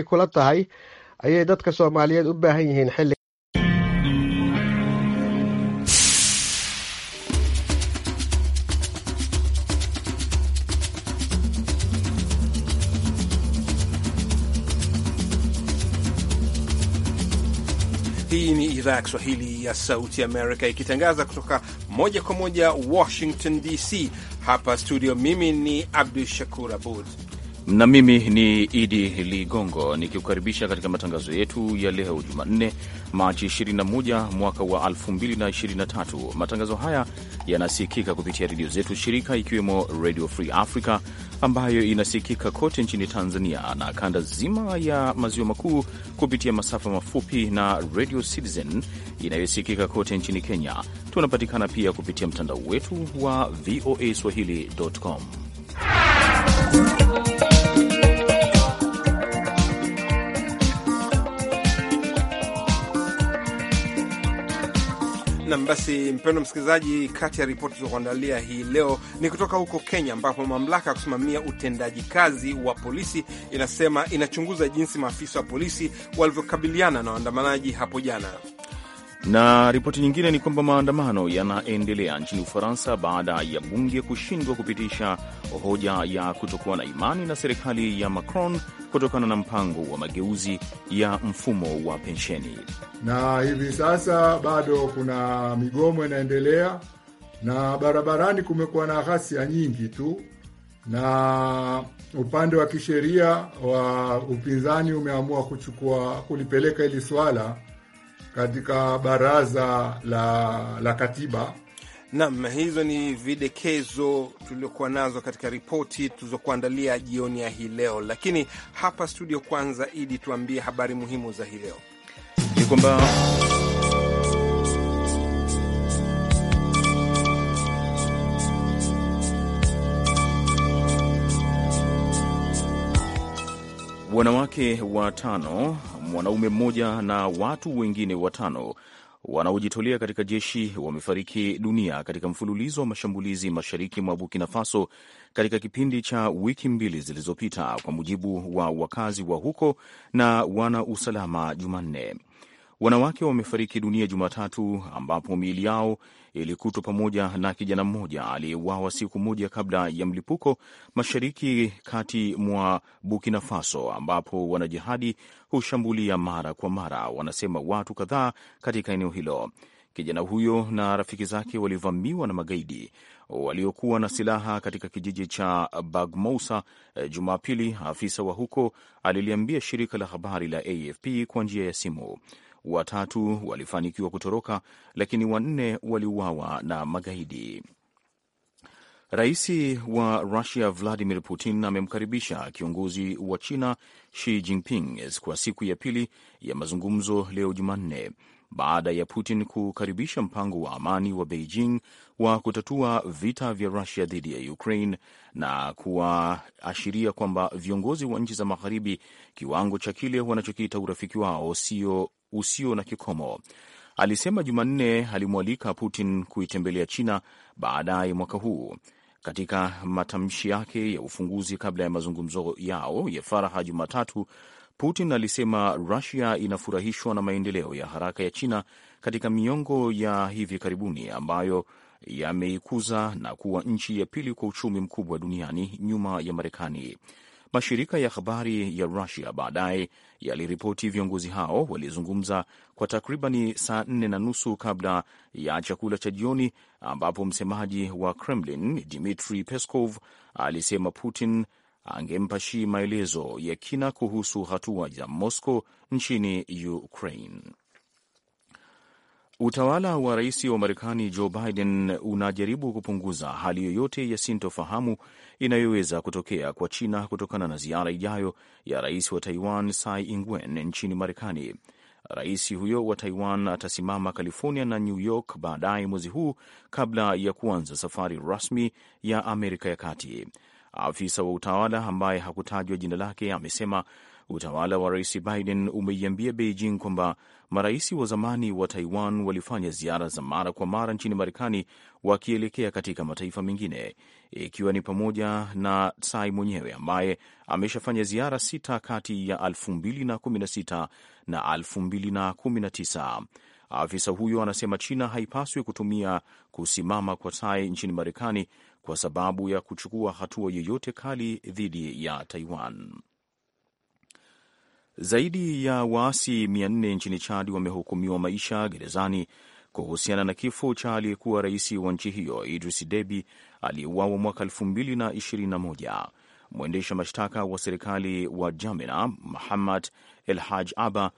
kula tahay ayay dadka Soomaaliyeed u baahan yihiin xilli Hii ni idhaa ya Kiswahili ya Sauti ya Amerika ikitangaza kutoka moja kwa moja Washington DC. Hapa studio, mimi ni Abdu Shakur Abud na mimi ni Idi Ligongo nikikukaribisha katika matangazo yetu ya leo Jumanne, Machi 21 mwaka wa 2023. Matangazo haya yanasikika kupitia redio zetu shirika, ikiwemo Radio Free Africa ambayo inasikika kote nchini Tanzania na kanda zima ya maziwa makuu kupitia masafa mafupi na Radio Citizen inayosikika kote nchini Kenya. Tunapatikana pia kupitia mtandao wetu wa voa swahili.com. Nam, basi mpendo msikilizaji, kati ya ripoti tulizokuandalia hii leo ni kutoka huko Kenya, ambapo mamlaka ya kusimamia utendaji kazi wa polisi inasema inachunguza jinsi maafisa wa polisi walivyokabiliana na waandamanaji hapo jana. Na ripoti nyingine ni kwamba maandamano yanaendelea nchini Ufaransa baada ya bunge kushindwa kupitisha hoja ya kutokuwa na imani na serikali ya Macron kutokana na mpango wa mageuzi ya mfumo wa pensheni. Na hivi sasa bado kuna migomo inaendelea, na barabarani kumekuwa na ghasia nyingi tu, na upande wa kisheria wa upinzani umeamua kuchukua kulipeleka hili swala katika baraza la, la katiba. Nam, hizo ni videkezo tuliokuwa nazo katika ripoti tulizokuandalia jioni ya hii leo. Lakini hapa studio, kwanza Idi, tuambie habari muhimu za hii leo. Ni kwamba wanawake watano mwanaume mmoja na watu wengine watano wanaojitolea katika jeshi wamefariki dunia katika mfululizo wa mashambulizi mashariki mwa Burkina Faso katika kipindi cha wiki mbili zilizopita, kwa mujibu wa wakazi wa huko na wana usalama Jumanne. Wanawake wamefariki dunia Jumatatu, ambapo miili yao ilikutwa pamoja na kijana mmoja aliyeuawa siku moja kabla ya mlipuko mashariki kati mwa Burkina Faso, ambapo wanajihadi hushambulia mara kwa mara, wanasema watu kadhaa katika eneo hilo. Kijana huyo na rafiki zake walivamiwa na magaidi waliokuwa na silaha katika kijiji cha Bagmousa eh, Jumapili, afisa wa huko aliliambia shirika la habari la AFP kwa njia ya simu watatu walifanikiwa kutoroka, lakini wanne waliuawa na magaidi. Rais wa Rusia Vladimir Putin amemkaribisha kiongozi wa China Xi Jinping kwa siku ya pili ya mazungumzo leo Jumanne, baada ya Putin kukaribisha mpango wa amani wa Beijing wa kutatua vita vya Rusia dhidi ya Ukraine na kuwaashiria kwamba viongozi wa nchi za Magharibi kiwango cha kile wanachokiita urafiki wao sio usio na kikomo. Alisema Jumanne alimwalika Putin kuitembelea China baadaye mwaka huu. Katika matamshi yake ya ufunguzi kabla ya mazungumzo yao ya faraha Jumatatu, Putin alisema Rusia inafurahishwa na maendeleo ya haraka ya China katika miongo ya hivi karibuni ambayo yameikuza na kuwa nchi ya pili kwa uchumi mkubwa duniani nyuma ya Marekani. Mashirika ya habari ya Rusia baadaye yaliripoti viongozi hao walizungumza kwa takribani saa nne na nusu kabla ya chakula cha jioni, ambapo msemaji wa Kremlin Dmitri Peskov alisema Putin angempa Xi maelezo ya kina kuhusu hatua za Moscow nchini Ukraine. Utawala wa rais wa Marekani Joe Biden unajaribu kupunguza hali yoyote ya sintofahamu inayoweza kutokea kwa China kutokana na ziara ijayo ya rais wa Taiwan Tsai Ing-wen nchini Marekani. Rais huyo wa Taiwan atasimama California na New York baadaye mwezi huu kabla ya kuanza safari rasmi ya Amerika ya Kati. Afisa wa utawala ambaye hakutajwa jina lake amesema Utawala wa Rais Biden umeiambia Beijing kwamba marais wa zamani wa Taiwan walifanya ziara za mara kwa mara nchini Marekani wakielekea katika mataifa mengine, ikiwa ni pamoja na Tsai mwenyewe ambaye ameshafanya ziara sita kati ya 2016 na 2019. Afisa huyo anasema China haipaswi kutumia kusimama kwa Tai nchini Marekani kwa sababu ya kuchukua hatua yoyote kali dhidi ya Taiwan. Zaidi ya waasi 400 nchini Chad wamehukumiwa maisha gerezani kuhusiana na kifo cha aliyekuwa rais wa nchi hiyo Idris Deby aliyeuawa mwaka 2021. Mwendesha mashtaka wa serikali wa jamina Muhammad El Haj Aba,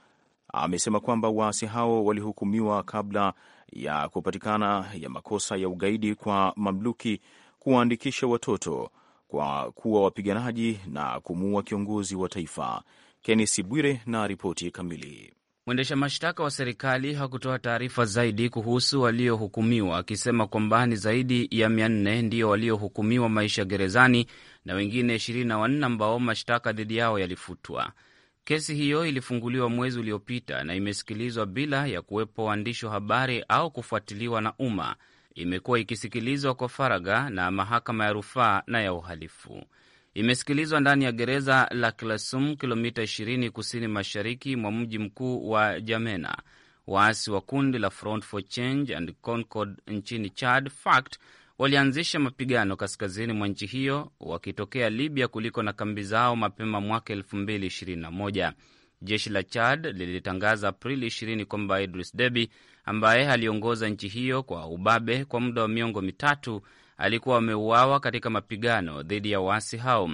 amesema kwamba waasi hao walihukumiwa kabla ya kupatikana ya makosa ya ugaidi kwa mamluki kuwaandikisha watoto kwa kuwa wapiganaji na kumuua kiongozi wa taifa. Kenesi Bwire na ripoti kamili. Mwendesha mashtaka wa serikali hakutoa taarifa zaidi kuhusu waliohukumiwa, akisema kwamba ni zaidi ya mia nne ndiyo waliohukumiwa maisha gerezani na wengine 24 ambao mashtaka dhidi yao yalifutwa. Kesi hiyo ilifunguliwa mwezi uliopita na imesikilizwa bila ya kuwepo waandishi wa habari au kufuatiliwa na umma. Imekuwa ikisikilizwa kwa faragha na mahakama ya rufaa na ya uhalifu imesikilizwa ndani ya gereza la Klasum, kilomita 20 kusini mashariki mwa mji mkuu wa Jamena. Waasi wa kundi la Front for Change and Concord nchini Chad, FACT, walianzisha mapigano kaskazini mwa nchi hiyo wakitokea Libya kuliko na kambi zao mapema mwaka 2021. Jeshi la Chad lilitangaza Aprili 20 kwamba Idris Deby ambaye aliongoza nchi hiyo kwa ubabe kwa muda wa miongo mitatu alikuwa ameuawa katika mapigano dhidi ya waasi hao.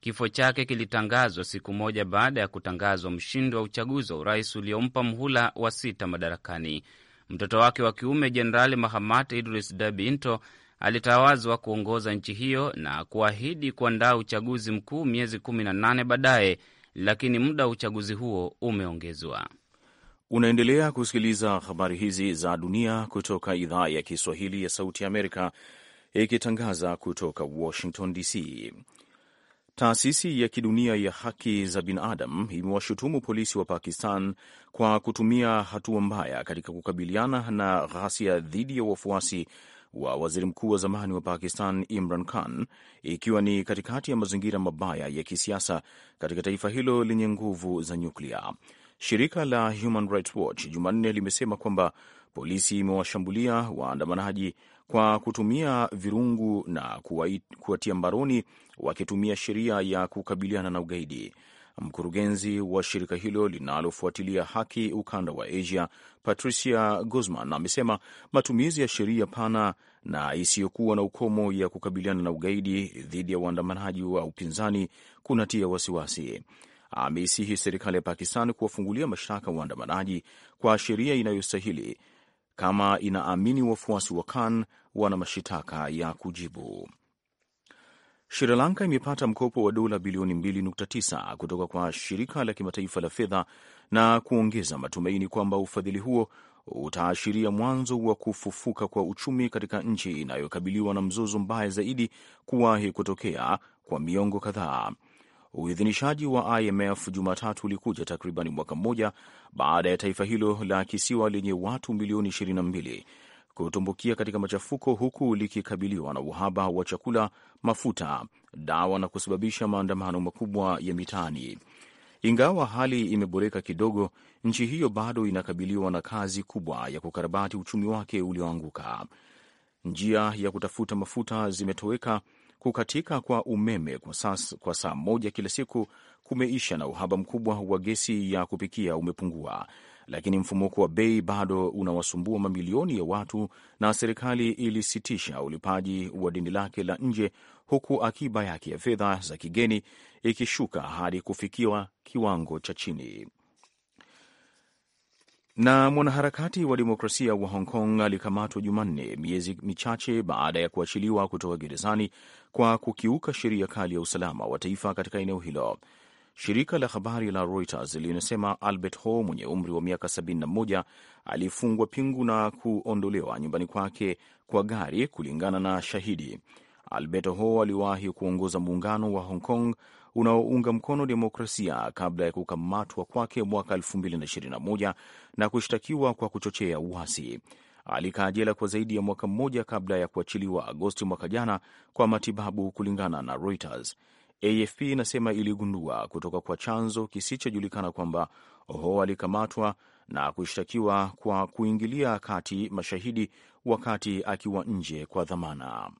Kifo chake kilitangazwa siku moja baada ya kutangazwa mshindi wa uchaguzi wa urais uliompa mhula wa sita madarakani. Mtoto wake wa kiume Jenerali Mahamat Idris Deby Itno alitawazwa kuongoza nchi hiyo na kuahidi kuandaa uchaguzi mkuu miezi 18 baadaye, lakini muda wa uchaguzi huo umeongezwa. Unaendelea kusikiliza habari hizi za dunia kutoka idhaa ya Kiswahili ya Sauti ya Amerika ikitangaza kutoka Washington DC. Taasisi ya kidunia ya haki za binadamu imewashutumu polisi wa Pakistan kwa kutumia hatua mbaya katika kukabiliana na ghasia dhidi ya wafuasi wa waziri mkuu wa zamani wa Pakistan Imran Khan, ikiwa ni katikati ya mazingira mabaya ya kisiasa katika taifa hilo lenye nguvu za nyuklia. Shirika la Human Rights Watch Jumanne limesema kwamba Polisi imewashambulia waandamanaji kwa kutumia virungu na kuwatia mbaroni wakitumia sheria ya kukabiliana na ugaidi. Mkurugenzi wa shirika hilo linalofuatilia haki ukanda wa Asia, Patricia Guzman, amesema matumizi ya sheria pana na isiyokuwa na ukomo ya kukabiliana na ugaidi dhidi ya waandamanaji wa upinzani kunatia wasiwasi. Ameisihi serikali ya Pakistan kuwafungulia mashtaka waandamanaji kwa sheria inayostahili kama inaamini wafuasi wa Khan wana mashitaka ya kujibu. Sri Lanka imepata mkopo wa dola bilioni 2.9 kutoka kwa shirika la kimataifa la fedha na kuongeza matumaini kwamba ufadhili huo utaashiria mwanzo wa kufufuka kwa uchumi katika nchi inayokabiliwa na mzozo mbaya zaidi kuwahi kutokea kwa miongo kadhaa. Uidhinishaji wa IMF Jumatatu ulikuja takriban mwaka mmoja baada ya taifa hilo la kisiwa lenye watu milioni 22 kutumbukia katika machafuko huku likikabiliwa na uhaba wa chakula, mafuta, dawa na kusababisha maandamano makubwa ya mitaani. Ingawa hali imeboreka kidogo, nchi hiyo bado inakabiliwa na kazi kubwa ya kukarabati uchumi wake ulioanguka. Njia ya kutafuta mafuta zimetoweka Kukatika kwa umeme kwa saa, kwa saa moja kila siku kumeisha na uhaba mkubwa wa gesi ya kupikia umepungua, lakini mfumuko wa bei bado unawasumbua mamilioni ya watu, na serikali ilisitisha ulipaji wa deni lake la nje, huku akiba yake ya fedha za kigeni ikishuka hadi kufikiwa kiwango cha chini. Na mwanaharakati wa demokrasia wa Hong Kong alikamatwa Jumanne, miezi michache baada ya kuachiliwa kutoka gerezani kwa kukiuka sheria kali ya usalama wa taifa katika eneo hilo. Shirika la habari la Reuters linasema Albert Ho mwenye umri wa miaka 71 alifungwa pingu na kuondolewa nyumbani kwake kwa gari, kulingana na shahidi. Albert Ho aliwahi kuongoza muungano wa Hong Kong unaounga mkono demokrasia kabla ya kukamatwa kwake mwaka 2021 na kushtakiwa kwa kuchochea uasi. Alikaa jela kwa zaidi ya mwaka mmoja kabla ya kuachiliwa Agosti mwaka jana kwa matibabu, kulingana na Reuters. AFP inasema iligundua kutoka kwa chanzo kisichojulikana kwamba ho alikamatwa na kushtakiwa kwa kuingilia kati mashahidi wakati akiwa nje kwa dhamana.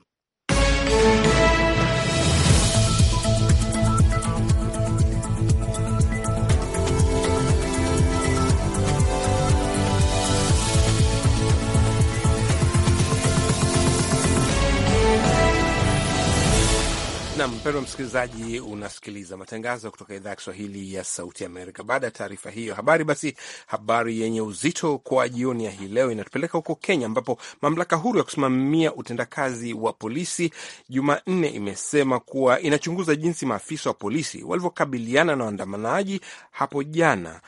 Nam, mpendwa msikilizaji, unasikiliza matangazo kutoka idhaa ya Kiswahili ya Sauti Amerika. Baada ya taarifa hiyo habari, basi habari yenye uzito kwa jioni ya hii leo inatupeleka huko Kenya, ambapo mamlaka huru ya kusimamia utendakazi wa polisi Jumanne imesema kuwa inachunguza jinsi maafisa wa polisi walivyokabiliana na waandamanaji hapo jana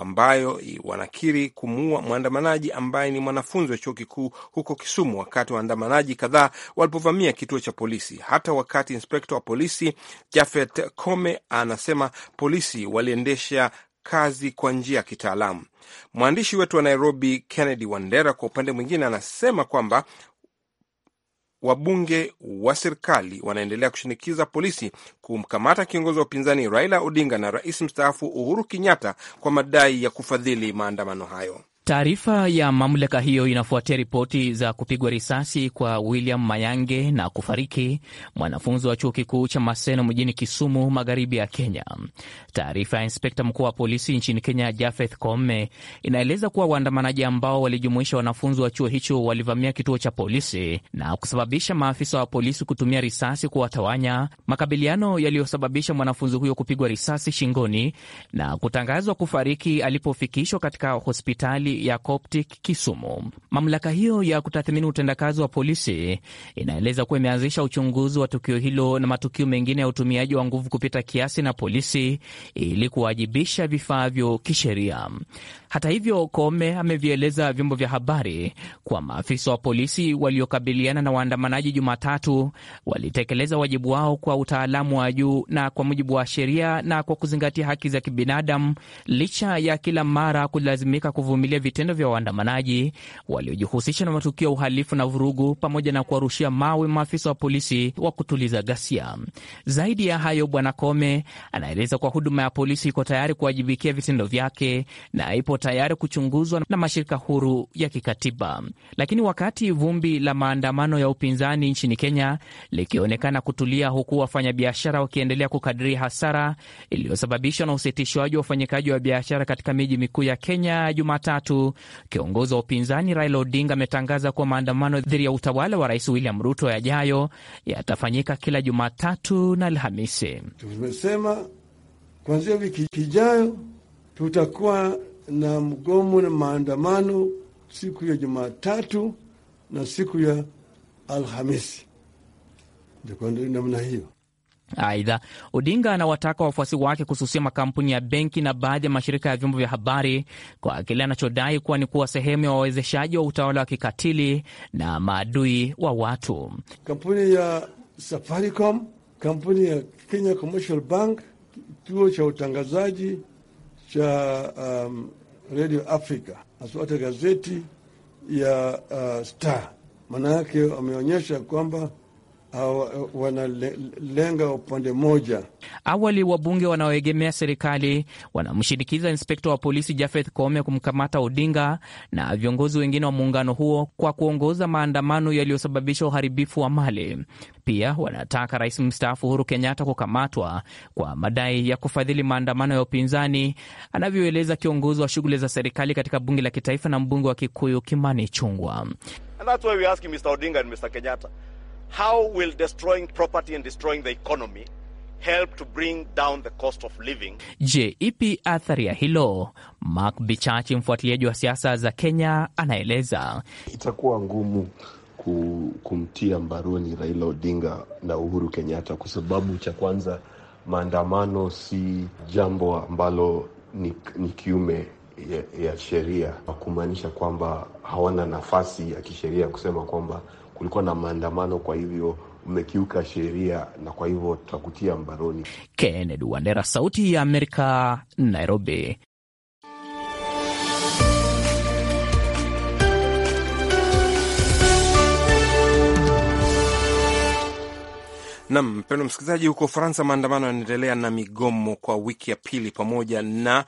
ambayo wanakiri kumuua mwandamanaji ambaye ni mwanafunzi wa chuo kikuu huko Kisumu wakati waandamanaji kadhaa walipovamia kituo cha polisi. Hata wakati inspekta wa polisi Jafet Kome anasema polisi waliendesha kazi kwa njia ya kitaalamu. Mwandishi wetu wa Nairobi Kennedy Wandera kwa upande mwingine anasema kwamba wabunge wa serikali wanaendelea kushinikiza polisi kumkamata kiongozi wa upinzani Raila Odinga na rais mstaafu Uhuru Kenyatta kwa madai ya kufadhili maandamano hayo. Taarifa ya mamlaka hiyo inafuatia ripoti za kupigwa risasi kwa William Mayange na kufariki mwanafunzi wa chuo kikuu cha Maseno mjini Kisumu, magharibi ya Kenya. Taarifa ya inspekta mkuu wa polisi nchini Kenya, Jafeth kome inaeleza kuwa waandamanaji ambao walijumuisha wanafunzi wa chuo hicho walivamia kituo cha polisi na kusababisha maafisa wa polisi kutumia risasi kuwatawanya, makabiliano yaliyosababisha mwanafunzi huyo kupigwa risasi shingoni na kutangazwa kufariki alipofikishwa katika hospitali ya Coptic Kisumu. Mamlaka hiyo ya kutathmini utendakazi wa polisi inaeleza kuwa imeanzisha uchunguzi wa tukio hilo na matukio mengine ya utumiaji wa nguvu kupita kiasi na polisi ili kuwajibisha vifaavyo kisheria. Hata hivyo, Koome amevieleza vyombo vya habari kwa maafisa wa polisi waliokabiliana na waandamanaji Jumatatu walitekeleza wajibu wao kwa utaalamu wa juu na kwa mujibu wa sheria na kwa kuzingatia haki za kibinadamu, licha ya kila mara kulazimika kuvumilia vitendo vya waandamanaji waliojihusisha na matukio ya uhalifu na vurugu, pamoja na kuwarushia mawe maafisa wa polisi wa kutuliza ghasia. Zaidi ya hayo, Bwana Koome anaeleza kwa huduma ya polisi iko tayari kuwajibikia vitendo vyake na ipo tayari kuchunguzwa na mashirika huru ya kikatiba. Lakini wakati vumbi la maandamano ya upinzani nchini Kenya likionekana kutulia, huku wafanyabiashara wakiendelea kukadiria hasara iliyosababishwa na usitishwaji wa ufanyikaji wa biashara katika miji mikuu ya Kenya Jumatatu, kiongozi wa upinzani Raila Odinga ametangaza kuwa maandamano dhidi ya utawala wa Rais William Ruto yajayo yatafanyika kila Jumatatu na Alhamisi. Tumesema kuanzia wiki ijayo tutakuwa na mgomo na maandamano siku ya Jumatatu na siku ya Alhamisi. Namna hiyo. Aidha, Odinga anawataka wafuasi wake kususia makampuni ya benki na baadhi ya mashirika ya vyombo vya habari kwa kile anachodai kuwa ni kuwa sehemu ya wawezeshaji wa utawala wa kikatili na maadui wa watu. Kampuni ya Safaricom, kampuni ya Kenya Commercial Bank, kituo cha utangazaji cha um, Radio Africa hasiwata gazeti ya uh, Star. Maana yake wameonyesha kwamba Eh, wanalenga upande mmoja. Awali wabunge wanaoegemea serikali wanamshinikiza inspekta wa polisi Jafeth Kome kumkamata Odinga na viongozi wengine wa muungano huo kwa kuongoza maandamano yaliyosababisha uharibifu wa mali. Pia wanataka rais mstaafu Uhuru Kenyatta kukamatwa kwa madai ya kufadhili maandamano ya upinzani, anavyoeleza kiongozi wa shughuli za serikali katika bunge la kitaifa na mbunge wa Kikuyu Kimani Chungwa how will destroying property and destroying the economy help to bring down the cost of living? Je, ipi athari ya hilo? Mark Bichachi, mfuatiliaji wa siasa za Kenya, anaeleza. Itakuwa ngumu kumtia mbaroni Raila Odinga na Uhuru Kenyatta kwa sababu cha kwanza, maandamano si jambo ambalo ni, ni kiume ya, ya sheria, kumaanisha kwamba hawana nafasi ya kisheria kusema kwamba kulikuwa na maandamano, kwa hivyo umekiuka sheria na kwa hivyo tutakutia mbaroni. Kennedy Wandera, Sauti ya Amerika, Nairobi. Nam mpendo msikilizaji, huko Ufaransa maandamano yanaendelea na migomo kwa wiki ya pili pamoja na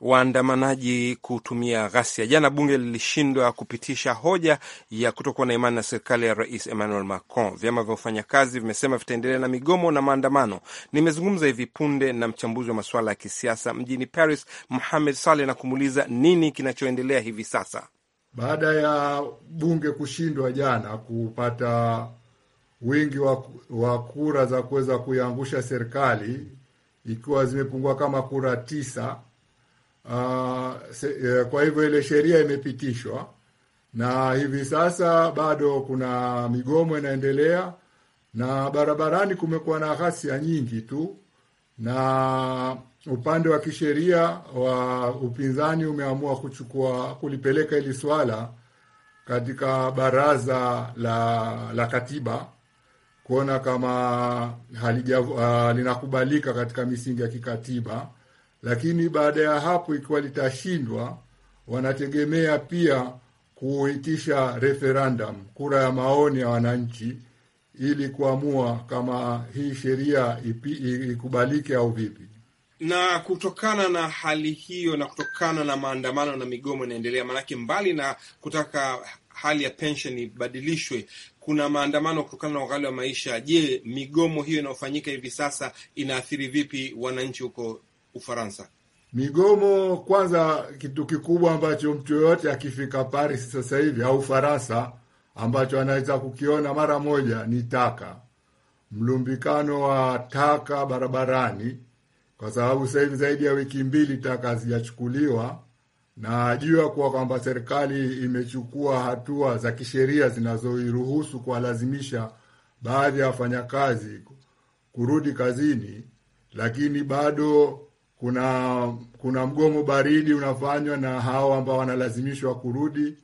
waandamanaji kutumia ghasia. Jana bunge lilishindwa kupitisha hoja ya kutokuwa na imani na serikali ya rais Emmanuel Macron. Vyama vya wafanyakazi vimesema vitaendelea na migomo na maandamano. Nimezungumza hivi punde na mchambuzi wa masuala ya kisiasa mjini Paris, Mohamed Saleh, na kumuuliza nini kinachoendelea hivi sasa baada ya bunge kushindwa jana kupata wingi wa kura za kuweza kuiangusha serikali ikiwa zimepungua kama kura tisa Uh, se, uh, kwa hivyo ile sheria imepitishwa na hivi sasa bado kuna migomo inaendelea, na barabarani kumekuwa na ghasia nyingi tu, na upande wa kisheria wa upinzani umeamua kuchukua kulipeleka hili swala katika baraza la, la katiba kuona kama halija, uh, ah, linakubalika katika misingi ya kikatiba lakini baada ya hapo, ikiwa litashindwa, wanategemea pia kuitisha referendum, kura ya maoni ya wananchi, ili kuamua kama hii sheria ikubalike au vipi. Na kutokana na hali hiyo na kutokana na maandamano na migomo inaendelea, maanake mbali na kutaka hali ya pensheni ibadilishwe kuna maandamano kutokana na ughali wa maisha. Je, migomo hiyo inayofanyika hivi sasa inaathiri vipi wananchi huko Ufaransa. Migomo kwanza, kitu kikubwa ambacho mtu yoyote akifika Paris sasa hivi au Faransa ambacho anaweza kukiona mara moja ni taka, mlumbikano wa taka barabarani, kwa sababu sasa hivi zaidi ya wiki mbili taka hazijachukuliwa, na juu ya kuwa kwamba serikali imechukua hatua za kisheria zinazoiruhusu kuwalazimisha baadhi ya wafanyakazi kurudi kazini, lakini bado kuna kuna mgomo baridi unafanywa na hao ambao wanalazimishwa kurudi,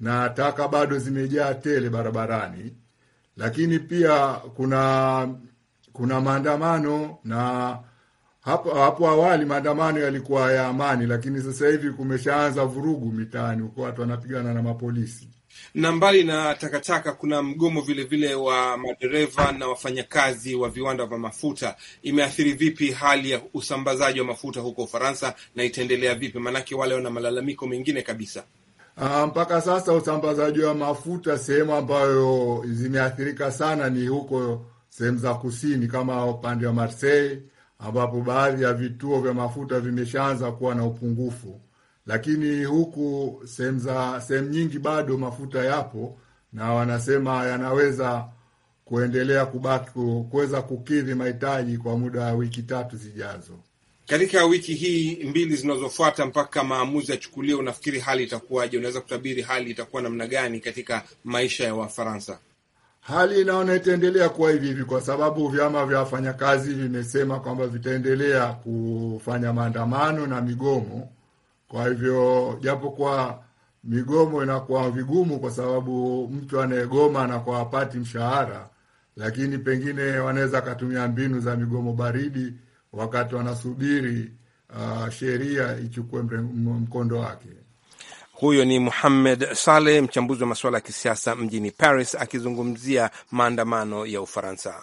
na taka bado zimejaa tele barabarani. Lakini pia kuna kuna maandamano, na hapo hapo awali maandamano yalikuwa ya amani, lakini sasa hivi kumeshaanza vurugu mitaani huko, watu wanapigana na mapolisi. Na mbali na takataka, kuna mgomo vilevile vile wa madereva na wafanyakazi wa viwanda vya mafuta. Imeathiri vipi hali ya usambazaji wa mafuta huko Ufaransa na itaendelea vipi? Maanake wale wana malalamiko mengine kabisa. Uh, mpaka sasa usambazaji wa mafuta sehemu ambayo zimeathirika sana ni huko sehemu za kusini kama upande wa Marseille ambapo baadhi ya vituo vya mafuta vimeshaanza kuwa na upungufu lakini huku sehemu za sehemu nyingi bado mafuta yapo na wanasema yanaweza kuendelea kubaki kuweza kukidhi mahitaji kwa muda wa wiki tatu zijazo. Katika wiki hii mbili zinazofuata mpaka maamuzi yachukuliwe, unafikiri hali itakuwaje? Unaweza kutabiri hali itakuwa namna gani katika maisha ya Wafaransa? Hali inaona itaendelea kuwa hivi hivi, kwa sababu vyama vya wafanyakazi vimesema kwamba vitaendelea kufanya maandamano na migomo kwa hivyo japo kwa migomo inakuwa vigumu, kwa sababu mtu anayegoma anakuwa hapati mshahara, lakini pengine wanaweza akatumia mbinu za migomo baridi wakati wanasubiri uh, sheria ichukue mkondo wake. Huyo ni Muhammed Saleh, mchambuzi wa masuala ya kisiasa mjini Paris, akizungumzia maandamano ya Ufaransa.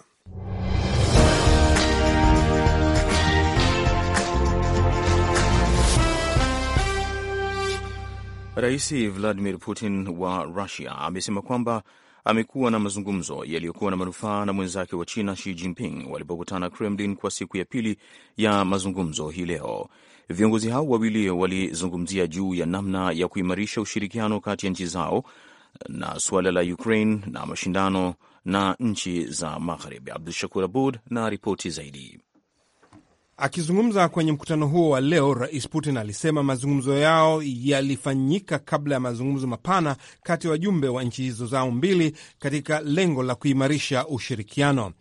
Rais Vladimir Putin wa Russia amesema kwamba amekuwa na mazungumzo yaliyokuwa na manufaa na mwenzake wa China Xi Jinping walipokutana Kremlin kwa siku ya pili ya mazungumzo hii leo. Viongozi hao wawili walizungumzia juu ya namna ya kuimarisha ushirikiano kati ya nchi zao na suala la Ukraine na mashindano na nchi za Magharibi. Abdu Shakur Abud na ripoti zaidi. Akizungumza kwenye mkutano huo wa leo, Rais Putin alisema mazungumzo yao yalifanyika kabla ya mazungumzo mapana kati ya wajumbe wa nchi hizo zao mbili katika lengo la kuimarisha ushirikiano.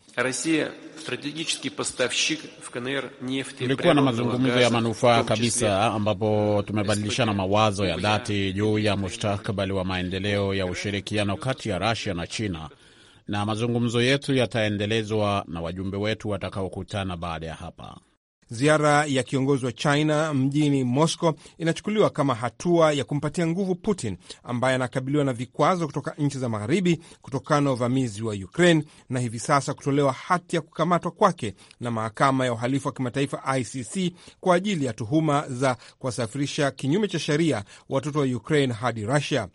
Tulikuwa na mazungumzo ya manufaa kabisa, ambapo tumebadilishana mawazo ya dhati juu ya mustakabali wa maendeleo ya ushirikiano kati ya Rusia na China, na mazungumzo yetu yataendelezwa na wajumbe wetu watakaokutana baada ya hapa. Ziara ya kiongozi wa China mjini Moscow inachukuliwa kama hatua ya kumpatia nguvu Putin ambaye anakabiliwa na vikwazo kutoka nchi za Magharibi kutokana na uvamizi wa Ukraine na hivi sasa kutolewa hati ya kukamatwa kwake na mahakama ya uhalifu wa kimataifa ICC kwa ajili ya tuhuma za kuwasafirisha kinyume cha sheria watoto wa Ukraine hadi Rusia.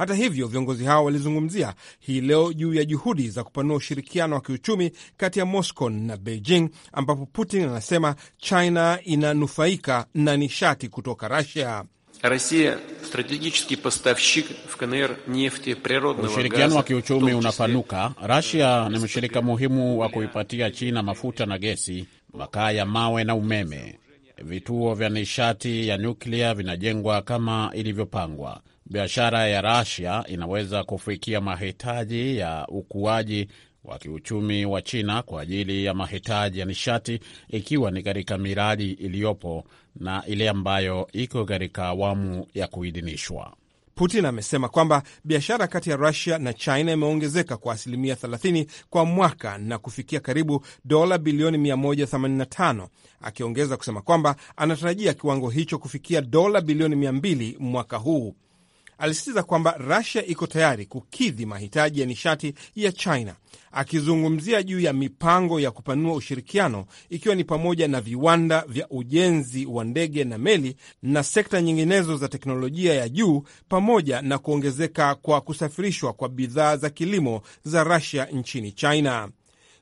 Hata hivyo, viongozi hao walizungumzia hii leo juu ya juhudi za kupanua ushirikiano wa kiuchumi kati ya Moscow na Beijing, ambapo Putin anasema China inanufaika na nishati kutoka Rusia. Ushirikiano wa kiuchumi unapanuka. Rasia ni mshirika muhimu wa kuipatia China mafuta na gesi, makaa ya mawe na umeme. Vituo vya nishati ya nyuklia vinajengwa kama ilivyopangwa biashara ya Rasia inaweza kufikia mahitaji ya ukuaji wa kiuchumi wa China kwa ajili ya mahitaji ya nishati, ikiwa ni katika miradi iliyopo na ile ambayo iko katika awamu ya kuidhinishwa. Putin amesema kwamba biashara kati ya Rusia na China imeongezeka kwa asilimia 30 kwa mwaka na kufikia karibu dola bilioni 185, akiongeza kusema kwamba anatarajia kiwango hicho kufikia dola bilioni 200 mwaka huu alisisitiza kwamba rasia iko tayari kukidhi mahitaji ya nishati ya China, akizungumzia juu ya mipango ya kupanua ushirikiano, ikiwa ni pamoja na viwanda vya ujenzi wa ndege na meli na sekta nyinginezo za teknolojia ya juu, pamoja na kuongezeka kwa kusafirishwa kwa bidhaa za kilimo za rasia nchini China.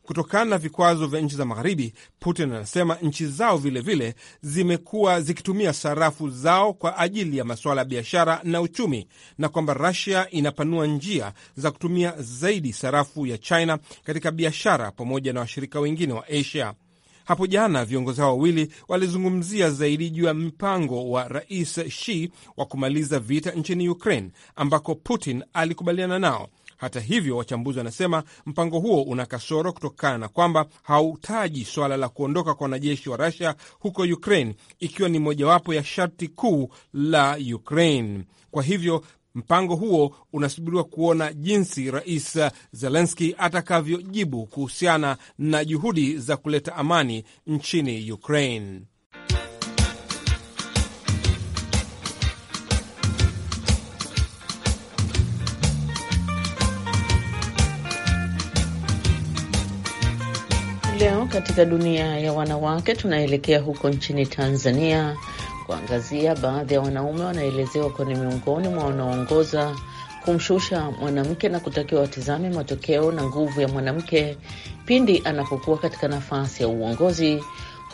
Kutokana na vikwazo vya nchi za Magharibi, Putin anasema nchi zao vilevile zimekuwa zikitumia sarafu zao kwa ajili ya masuala ya biashara na uchumi, na kwamba rasia inapanua njia za kutumia zaidi sarafu ya China katika biashara pamoja na washirika wengine wa Asia. Hapo jana viongozi hao wawili walizungumzia zaidi juu ya mpango wa Rais Xi wa kumaliza vita nchini Ukraine ambako Putin alikubaliana nao hata hivyo, wachambuzi wanasema mpango huo una kasoro kutokana na kwamba hautaji swala la kuondoka kwa wanajeshi wa Rusia huko Ukraine, ikiwa ni mojawapo ya sharti kuu la Ukraine. Kwa hivyo mpango huo unasubiriwa kuona jinsi Rais Zelenski atakavyojibu kuhusiana na juhudi za kuleta amani nchini Ukraine. katika dunia ya wanawake, tunaelekea huko nchini Tanzania kuangazia baadhi ya wanaume wanaelezewa kuwa ni miongoni mwa wanaoongoza kumshusha mwanamke na kutakiwa watizame matokeo na nguvu ya mwanamke pindi anapokuwa katika nafasi ya uongozi,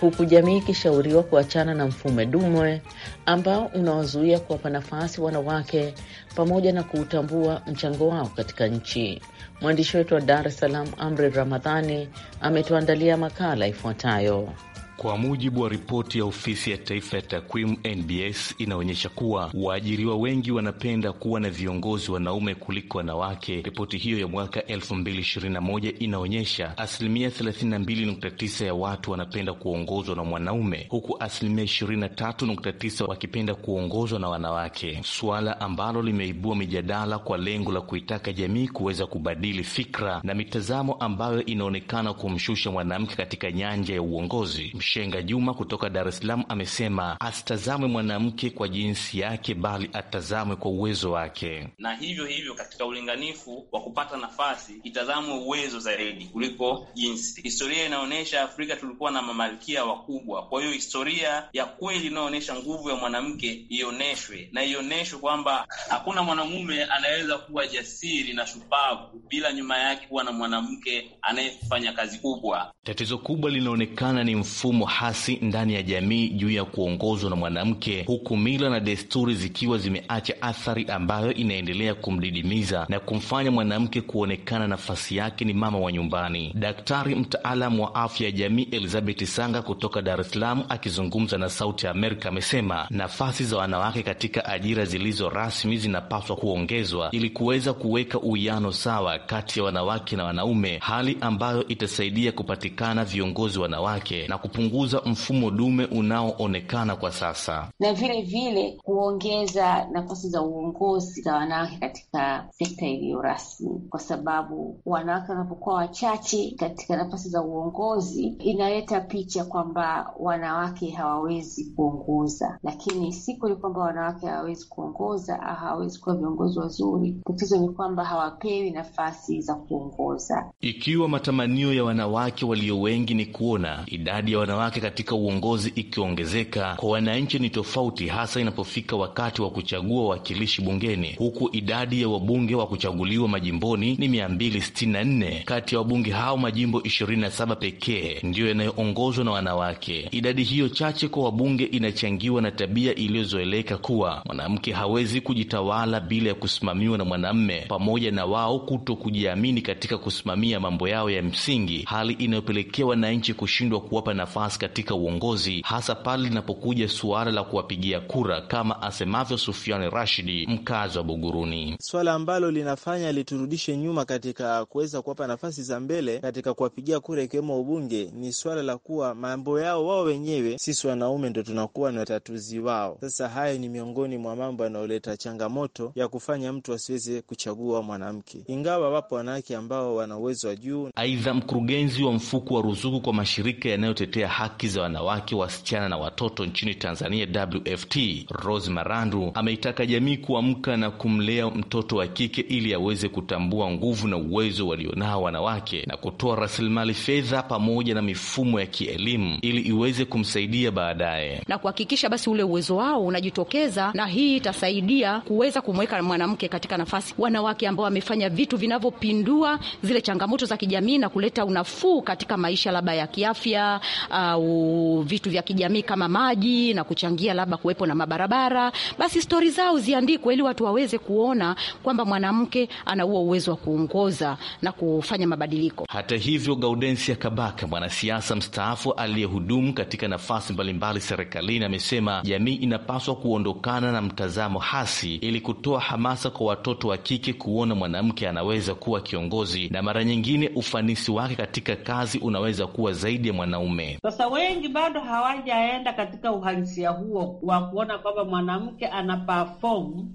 huku jamii ikishauriwa kuachana na mfumo dume ambao unawazuia kuwapa nafasi wanawake pamoja na kuutambua mchango wao katika nchi. Mwandishi wetu wa Dar es Salaam, Amri Ramadhani, ametuandalia makala ifuatayo. Kwa mujibu wa ripoti ya ofisi ya taifa ya takwimu NBS, inaonyesha kuwa waajiriwa wengi wanapenda kuwa na viongozi wanaume kuliko wanawake. Ripoti hiyo ya mwaka 2021 inaonyesha asilimia 32.9 ya watu wanapenda kuongozwa na mwanaume huku asilimia 23.9 wakipenda kuongozwa na wanawake, suala ambalo limeibua mijadala kwa lengo la kuitaka jamii kuweza kubadili fikra na mitazamo ambayo inaonekana kumshusha mwanamke katika nyanja ya uongozi. Mshenga Juma kutoka Dar es Salaam amesema asitazamwe mwanamke kwa jinsi yake, bali atazamwe kwa uwezo wake, na hivyo hivyo katika ulinganifu wa kupata nafasi itazamwe uwezo zaidi kuliko jinsi. Historia inaonyesha Afrika tulikuwa na mamalkia wakubwa, kwa hiyo historia ya kweli inayoonyesha nguvu ya mwanamke ioneshwe na ioneshwe kwamba hakuna mwanamume anaweza kuwa jasiri na shupavu bila nyuma yake kuwa na mwanamke anayefanya kazi kubwa. Tatizo kubwa linaonekana ni mfumo mfumo hasi ndani ya jamii juu ya kuongozwa na mwanamke, huku mila na desturi zikiwa zimeacha athari ambayo inaendelea kumdidimiza na kumfanya mwanamke kuonekana nafasi yake ni mama wa nyumbani. Daktari mtaalamu wa afya ya jamii Elizabeth Sanga kutoka Dar es Salaam akizungumza na Sauti ya Amerika amesema nafasi za wanawake katika ajira zilizo rasmi zinapaswa kuongezwa ili kuweza kuweka uwiano sawa kati ya wanawake na wanaume, hali ambayo itasaidia kupatikana viongozi wanawake na kupunguza kupunguza mfumo dume unaoonekana kwa sasa, na vile vile kuongeza nafasi za uongozi za wanawake katika sekta iliyo rasmi, kwa sababu wanawake wanapokuwa wachache katika nafasi za uongozi inaleta picha kwamba wanawake hawawezi kuongoza, lakini si kweli kwamba wanawake hawawezi kuongoza au hawawezi kuwa viongozi wazuri. Tatizo ni kwamba hawapewi nafasi za kuongoza. Ikiwa matamanio ya wanawake walio wengi ni kuona idadi ya wanawake katika uongozi ikiongezeka, kwa wananchi ni tofauti, hasa inapofika wakati wa kuchagua wawakilishi bungeni, huku idadi ya wabunge wa kuchaguliwa majimboni ni 264 kati ya wabunge hao majimbo 27 pekee ndiyo yanayoongozwa na wanawake. Idadi hiyo chache kwa wabunge inachangiwa na tabia iliyozoeleka kuwa mwanamke hawezi kujitawala bila ya kusimamiwa na mwanamme, pamoja na wao kuto kujiamini katika kusimamia mambo yao ya msingi, hali inayopelekea wananchi kushindwa kuwapa nafasi Hamas katika uongozi, hasa pale linapokuja suala la kuwapigia kura, kama asemavyo Sufiani Rashidi, mkazi wa Buguruni, swala ambalo linafanya liturudishe nyuma katika kuweza kuwapa nafasi za mbele katika kuwapigia kura, ikiwemo ubunge. Ni swala la kuwa mambo yao wao wenyewe, sisi wanaume ndo tunakuwa ni watatuzi wao. Sasa hayo ni miongoni mwa mambo yanayoleta changamoto ya kufanya mtu asiweze kuchagua mwanamke, ingawa wapo wanawake ambao wana uwezo wa juu. Aidha, mkurugenzi wa mfuko wa ruzuku kwa mashirika yanayotetea haki za wanawake, wasichana na watoto nchini Tanzania WFT, Rose Marandu ameitaka jamii kuamka na kumlea mtoto wa kike ili aweze kutambua nguvu na uwezo walionao wanawake na kutoa rasilimali fedha pamoja na mifumo ya kielimu ili iweze kumsaidia baadaye na kuhakikisha basi ule uwezo wao unajitokeza, na hii itasaidia kuweza kumweka mwanamke katika nafasi, wanawake ambao wamefanya vitu vinavyopindua zile changamoto za kijamii na kuleta unafuu katika maisha labda ya kiafya, uh, au vitu vya kijamii kama maji na kuchangia labda kuwepo na mabarabara, basi stori zao ziandikwe ili watu waweze kuona kwamba mwanamke ana huo uwezo wa kuongoza na kufanya mabadiliko. Hata hivyo, Gaudensia Kabaka, mwanasiasa mstaafu aliyehudumu katika nafasi mbalimbali serikalini, amesema jamii inapaswa kuondokana na mtazamo hasi ili kutoa hamasa kwa watoto wa kike kuona mwanamke anaweza kuwa kiongozi, na mara nyingine ufanisi wake katika kazi unaweza kuwa zaidi ya mwanaume. Sasa wengi bado hawajaenda katika uhalisia huo wa kuona kwamba mwanamke ana perform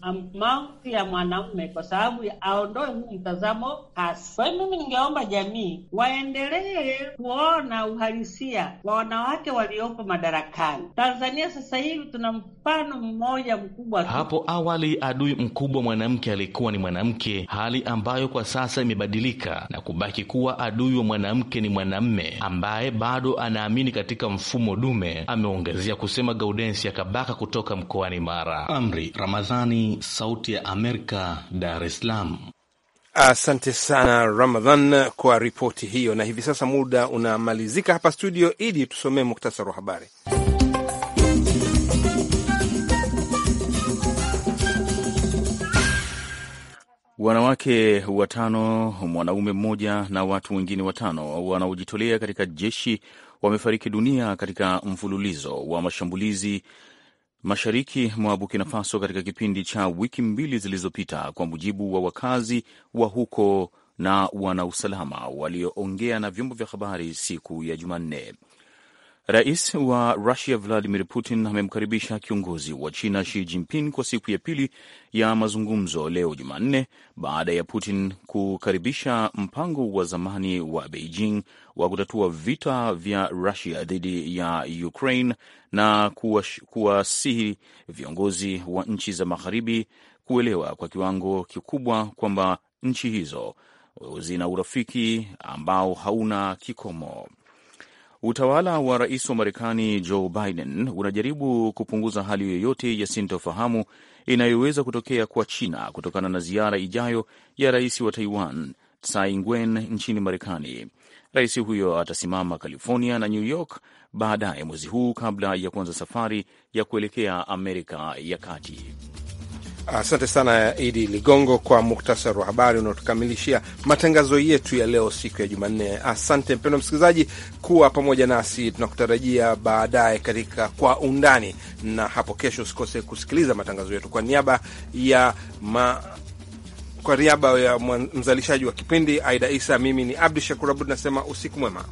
amount ya mwanaume kwa sababu aondoe huu mtazamo hasi. Kwa hiyo mimi ningeomba jamii waendelee kuona uhalisia wa wanawake waliopo madarakani. Tanzania sasa hivi tuna mfano mmoja mkubwa tu. Hapo awali adui mkubwa mwanamke alikuwa ni mwanamke, hali ambayo kwa sasa imebadilika na kubaki kuwa adui wa mwanamke ni mwanamme ambaye bado anaamini katika mfumo dume, ameongezea kusema Gaudensia Kabaka kutoka mkoani Mara. Amri Ramadhani, Sauti ya Amerika, Dar es Salaam. Asante sana Ramadhan kwa ripoti hiyo. Na hivi sasa muda unamalizika hapa studio. Idi, tusomee muktasari wa habari. Wanawake watano, mwanaume mmoja na watu wengine watano wanaojitolea katika jeshi wamefariki dunia katika mfululizo wa mashambulizi mashariki mwa Burkina Faso katika kipindi cha wiki mbili zilizopita, kwa mujibu wa wakazi wa huko na wanausalama walioongea na vyombo vya habari siku ya Jumanne. Rais wa Rusia Vladimir Putin amemkaribisha kiongozi wa China Xi Jinping kwa siku ya pili ya mazungumzo leo Jumanne, baada ya Putin kukaribisha mpango wa zamani wa Beijing wa kutatua vita vya Rusia dhidi ya Ukraine na kuwasihi viongozi wa nchi za magharibi kuelewa kwa kiwango kikubwa kwamba nchi hizo zina urafiki ambao hauna kikomo. Utawala wa rais wa Marekani Joe Biden unajaribu kupunguza hali yoyote ya sintofahamu inayoweza kutokea kwa China kutokana na ziara ijayo ya rais wa Taiwan Tsai Ing-wen nchini Marekani. Rais huyo atasimama California na New York baadaye mwezi huu kabla ya kuanza safari ya kuelekea Amerika ya Kati. Asante sana Idi Ligongo kwa muktasari wa habari unaotukamilishia matangazo yetu ya leo, siku ya Jumanne. Asante mpendwa msikilizaji kuwa pamoja nasi, tunakutarajia baadaye katika Kwa Undani, na hapo kesho usikose kusikiliza matangazo yetu. Kwa niaba ya ma kwa niaba ya mzalishaji wa kipindi Aida Isa, mimi ni Abdu Shakur Abud nasema usiku mwema.